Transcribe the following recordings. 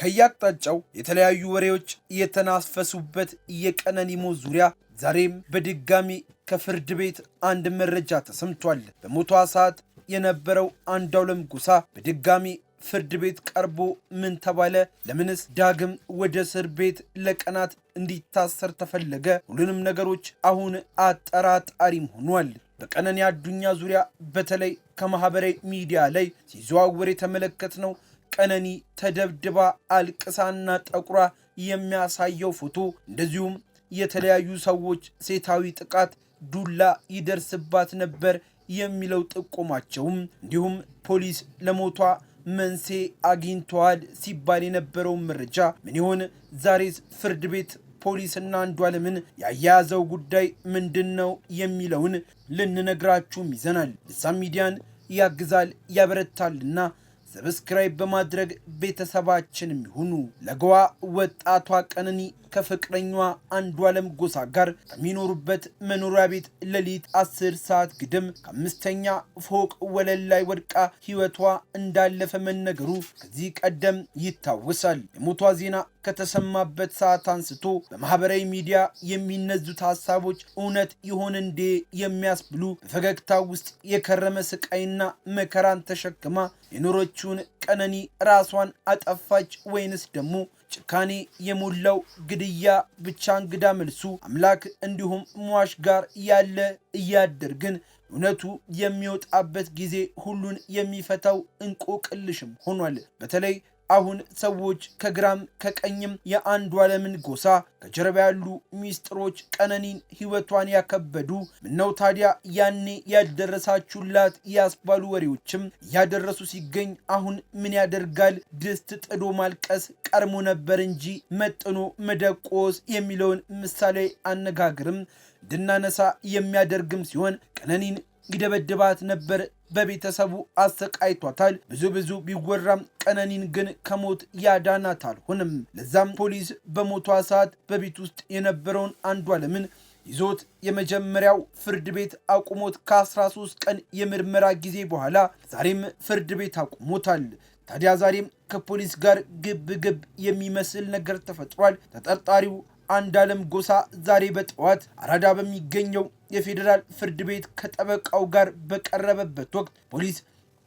ከያቅጣጫው የተለያዩ ወሬዎች የተናፈሱበት የቀነኒ ሞት ዙሪያ ዛሬም በድጋሚ ከፍርድ ቤት አንድ መረጃ ተሰምቷል። በሞቷ ሰዓት የነበረው አንዷለም ጎሳ በድጋሚ ፍርድ ቤት ቀርቦ ምን ተባለ? ለምንስ ዳግም ወደ እስር ቤት ለቀናት እንዲታሰር ተፈለገ? ሁሉንም ነገሮች አሁን አጠራጣሪም ሆኗል። በቀነኒ አዱኛ ዙሪያ በተለይ ከማህበራዊ ሚዲያ ላይ ሲዘዋወር የተመለከትነው ቀነኒ ተደብድባ አልቅሳና ጠቁራ የሚያሳየው ፎቶ እንደዚሁም የተለያዩ ሰዎች ሴታዊ ጥቃት፣ ዱላ ይደርስባት ነበር የሚለው ጥቆማቸውም እንዲሁም ፖሊስ ለሞቷ መንሴ አግኝተዋል ሲባል የነበረውን መረጃ ምን ይሆን? ዛሬስ ፍርድ ቤት ፖሊስና አንዷለምን ያያያዘው ጉዳይ ምንድን ነው የሚለውን ልንነግራችሁም ይዘናል። ልሳን ሚዲያን ያግዛል ያበረታልና ሰብስክራይብ በማድረግ ቤተሰባችን የሚሆኑ ለገዋ ወጣቷ ቀነኒ ከፍቅረኛዋ አንዷለም ጎሳ ጋር ከሚኖሩበት መኖሪያ ቤት ሌሊት አስር ሰዓት ግድም ከአምስተኛ ፎቅ ወለል ላይ ወድቃ ሕይወቷ እንዳለፈ መነገሩ ከዚህ ቀደም ይታወሳል። የሞቷ ዜና ከተሰማበት ሰዓት አንስቶ በማህበራዊ ሚዲያ የሚነዙት ሀሳቦች እውነት ይሆን እንዴ የሚያስብሉ በፈገግታ ውስጥ የከረመ ስቃይና መከራን ተሸክማ የኖረችውን ቀነኒ ራሷን አጠፋች ወይንስ ደግሞ ጭካኔ የሞላው ግድያ ብቻ እንግዳ መልሱ አምላክ እንዲሁም ሟሽ ጋር ያለ እያደር ግን እውነቱ የሚወጣበት ጊዜ ሁሉን የሚፈታው እንቆቅልሽም ሆኗል። በተለይ አሁን ሰዎች ከግራም ከቀኝም የአንዱ ዓለምን ጎሳ ከጀርባ ያሉ ሚስጥሮች ቀነኒን ሕይወቷን ያከበዱ ምነው ታዲያ ያኔ ያልደረሳችሁላት ያስባሉ ወሬዎችም እያደረሱ ሲገኝ አሁን ምን ያደርጋል ድስት ጥዶ ማልቀስ ቀርሞ ነበር እንጂ መጥኖ መደቆስ የሚለውን ምሳሌ አነጋግርም እንድናነሳ የሚያደርግም ሲሆን ቀነኒን ይደበድባት ነበር በቤተሰቡ አሰቃይቷታል። ብዙ ብዙ ቢወራም ቀነኒን ግን ከሞት ያዳናት አልሆንም። ለዛም ፖሊስ በሞቷ ሰዓት በቤት ውስጥ የነበረውን አንዷለምን ይዞት የመጀመሪያው ፍርድ ቤት አቁሞት ከ13 ቀን የምርመራ ጊዜ በኋላ ዛሬም ፍርድ ቤት አቁሞታል። ታዲያ ዛሬም ከፖሊስ ጋር ግብ ግብ የሚመስል ነገር ተፈጥሯል። ተጠርጣሪው አንዷለም ጎሳ ዛሬ በጠዋት አራዳ በሚገኘው የፌዴራል ፍርድ ቤት ከጠበቃው ጋር በቀረበበት ወቅት ፖሊስ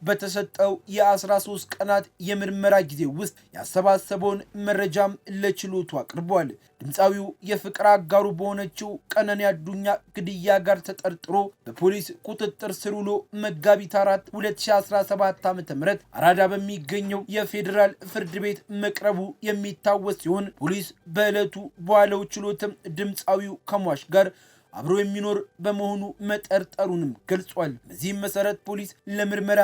በተሰጠው የ13 ቀናት የምርመራ ጊዜ ውስጥ ያሰባሰበውን መረጃም ለችሎቱ አቅርቧል። ድምፃዊው የፍቅር አጋሩ በሆነችው ቀነኒ አዱኛ ግድያ ጋር ተጠርጥሮ በፖሊስ ቁጥጥር ስር ውሎ መጋቢት 4 2017 ዓ ም አራዳ በሚገኘው የፌዴራል ፍርድ ቤት መቅረቡ የሚታወስ ሲሆን ፖሊስ በዕለቱ በዋለው ችሎትም ድምፃዊው ከሟች ጋር አብሮ የሚኖር በመሆኑ መጠርጠሩንም ገልጿል። በዚህም መሰረት ፖሊስ ለምርመራ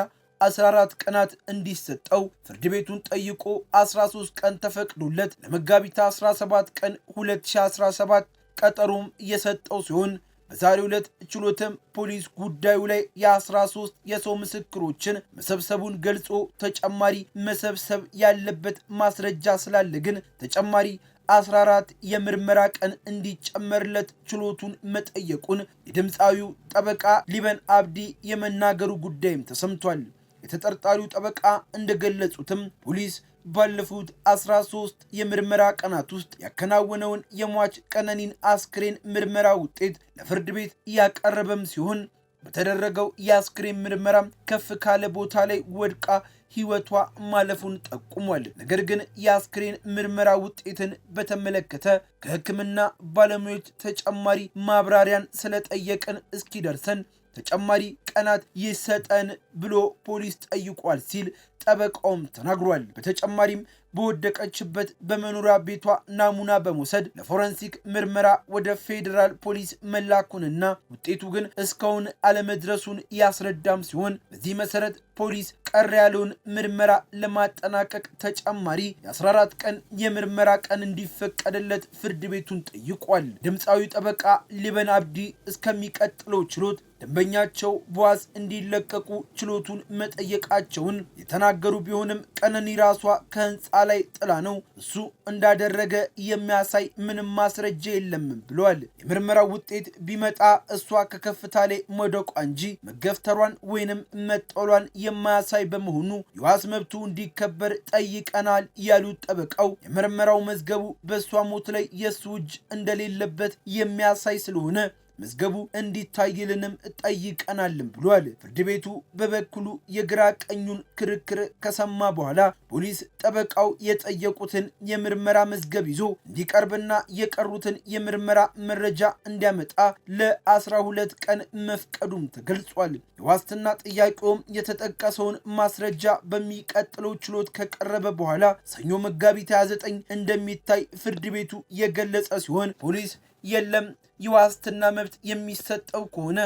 14 ቀናት እንዲሰጠው ፍርድ ቤቱን ጠይቆ 13 ቀን ተፈቅዶለት ለመጋቢት 17 ቀን 2017 ቀጠሮም የሰጠው ሲሆን በዛሬ ዕለት ችሎትም ፖሊስ ጉዳዩ ላይ የ13 የሰው ምስክሮችን መሰብሰቡን ገልጾ ተጨማሪ መሰብሰብ ያለበት ማስረጃ ስላለ ግን ተጨማሪ 14 የምርመራ ቀን እንዲጨመርለት ችሎቱን መጠየቁን የድምፃዊው ጠበቃ ሊበን አብዲ የመናገሩ ጉዳይም ተሰምቷል። የተጠርጣሪው ጠበቃ እንደገለጹትም ፖሊስ ባለፉት 13 የምርመራ ቀናት ውስጥ ያከናወነውን የሟች ቀነኒን አስክሬን ምርመራ ውጤት ለፍርድ ቤት ያቀረበም ሲሆን በተደረገው የአስክሬን ምርመራ ከፍ ካለ ቦታ ላይ ወድቃ ህይወቷ ማለፉን ጠቁሟል። ነገር ግን የአስክሬን ምርመራ ውጤትን በተመለከተ ከህክምና ባለሙያዎች ተጨማሪ ማብራሪያን ስለጠየቅን እስኪደርሰን ተጨማሪ ቀናት ይሰጠን ብሎ ፖሊስ ጠይቋል ሲል ጠበቃውም ተናግሯል። በተጨማሪም በወደቀችበት በመኖሪያ ቤቷ ናሙና በመውሰድ ለፎረንሲክ ምርመራ ወደ ፌዴራል ፖሊስ መላኩንና ውጤቱ ግን እስካሁን አለመድረሱን ያስረዳም ሲሆን በዚህ መሰረት ፖሊስ ቀር ያለውን ምርመራ ለማጠናቀቅ ተጨማሪ የ14 ቀን የምርመራ ቀን እንዲፈቀድለት ፍርድ ቤቱን ጠይቋል። ድምፃዊ ጠበቃ ሊበን አብዲ እስከሚቀጥለው ችሎት ደንበኛቸው በዋስ እንዲለቀቁ ችሎቱን መጠየቃቸውን የተናገ የተናገሩ ቢሆንም ቀነኒ ራሷ ከህንፃ ላይ ጥላ ነው እሱ እንዳደረገ የሚያሳይ ምንም ማስረጃ የለም ብለዋል። የምርመራው ውጤት ቢመጣ እሷ ከከፍታ ላይ መውደቋ እንጂ መገፍተሯን ወይንም መጠሏን የማያሳይ በመሆኑ የዋስ መብቱ እንዲከበር ጠይቀናል ያሉት ጠበቃው የምርመራው መዝገቡ በእሷ ሞት ላይ የእሱ እጅ እንደሌለበት የሚያሳይ ስለሆነ መዝገቡ እንዲታይልንም ጠይቀናልም ብሏል። ፍርድ ቤቱ በበኩሉ የግራ ቀኙን ክርክር ከሰማ በኋላ ፖሊስ ጠበቃው የጠየቁትን የምርመራ መዝገብ ይዞ እንዲቀርብና የቀሩትን የምርመራ መረጃ እንዲያመጣ ለአስራ ሁለት ቀን መፍቀዱም ተገልጿል። የዋስትና ጥያቄውም የተጠቀሰውን ማስረጃ በሚቀጥለው ችሎት ከቀረበ በኋላ ሰኞ መጋቢት 29 እንደሚታይ ፍርድ ቤቱ የገለጸ ሲሆን ፖሊስ የለም የዋስትና መብት የሚሰጠው ከሆነ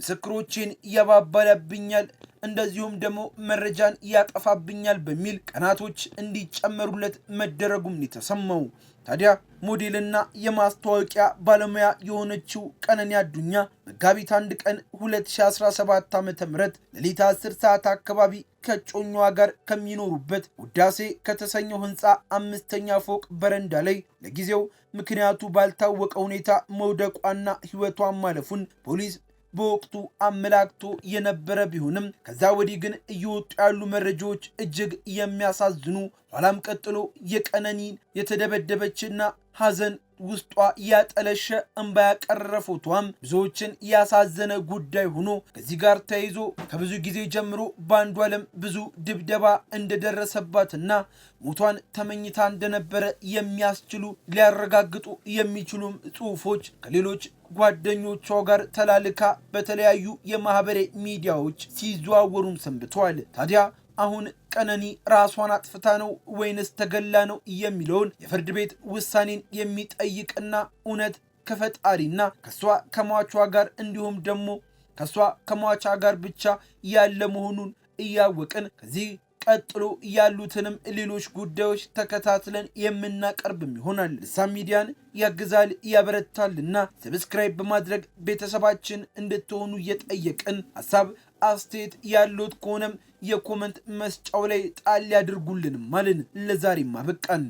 ምስክሮቼን ያባባላብኛል እንደዚሁም ደግሞ መረጃን ያጠፋብኛል በሚል ቀናቶች እንዲጨመሩለት መደረጉም የተሰማው። ታዲያ ሞዴልና የማስታወቂያ ባለሙያ የሆነችው ቀነኒ አዱኛ መጋቢት አንድ ቀን 2017 ዓ ም ሌሊት 10 ሰዓት አካባቢ ከጮኛዋ ጋር ከሚኖሩበት ውዳሴ ከተሰኘው ህንፃ አምስተኛ ፎቅ በረንዳ ላይ ለጊዜው ምክንያቱ ባልታወቀ ሁኔታ መውደቋና ህይወቷን ማለፉን ፖሊስ በወቅቱ አመላክቶ የነበረ ቢሆንም ከዛ ወዲህ ግን እየወጡ ያሉ መረጃዎች እጅግ የሚያሳዝኑ ኋላም ቀጥሎ የቀነኒን የተደበደበችና ሐዘን ውስጧ ያጠለሸ እንባ ያቀረፉቷም ብዙዎችን ያሳዘነ ጉዳይ ሆኖ ከዚህ ጋር ተያይዞ ከብዙ ጊዜ ጀምሮ በአንዱ ዓለም ብዙ ድብደባ እንደደረሰባትና ሞቷን ተመኝታ እንደነበረ የሚያስችሉ ሊያረጋግጡ የሚችሉም ጽሑፎች ከሌሎች ጓደኞቿ ጋር ተላልካ በተለያዩ የማህበሬ ሚዲያዎች ሲዘዋወሩም ሰንብተዋል። ታዲያ አሁን ቀነኒ ራሷን አጥፍታ ነው ወይንስ ተገላ ነው የሚለውን የፍርድ ቤት ውሳኔን የሚጠይቅና እውነት ከፈጣሪና ከእሷ ከሟቿ ጋር እንዲሁም ደግሞ ከእሷ ከሟቿ ጋር ብቻ ያለ መሆኑን እያወቅን ከዚህ ቀጥሎ ያሉትንም ሌሎች ጉዳዮች ተከታትለን የምናቀርብም ይሆናል። ልሳን ሚዲያን ያግዛል ያበረታልና ሰብስክራይብ በማድረግ ቤተሰባችን እንድትሆኑ እየጠየቅን ሀሳብ አስተያየት ያሉት ከሆነም የኮመንት መስጫው ላይ ጣል ያድርጉልን። ማለን ለዛሬማ በቃን።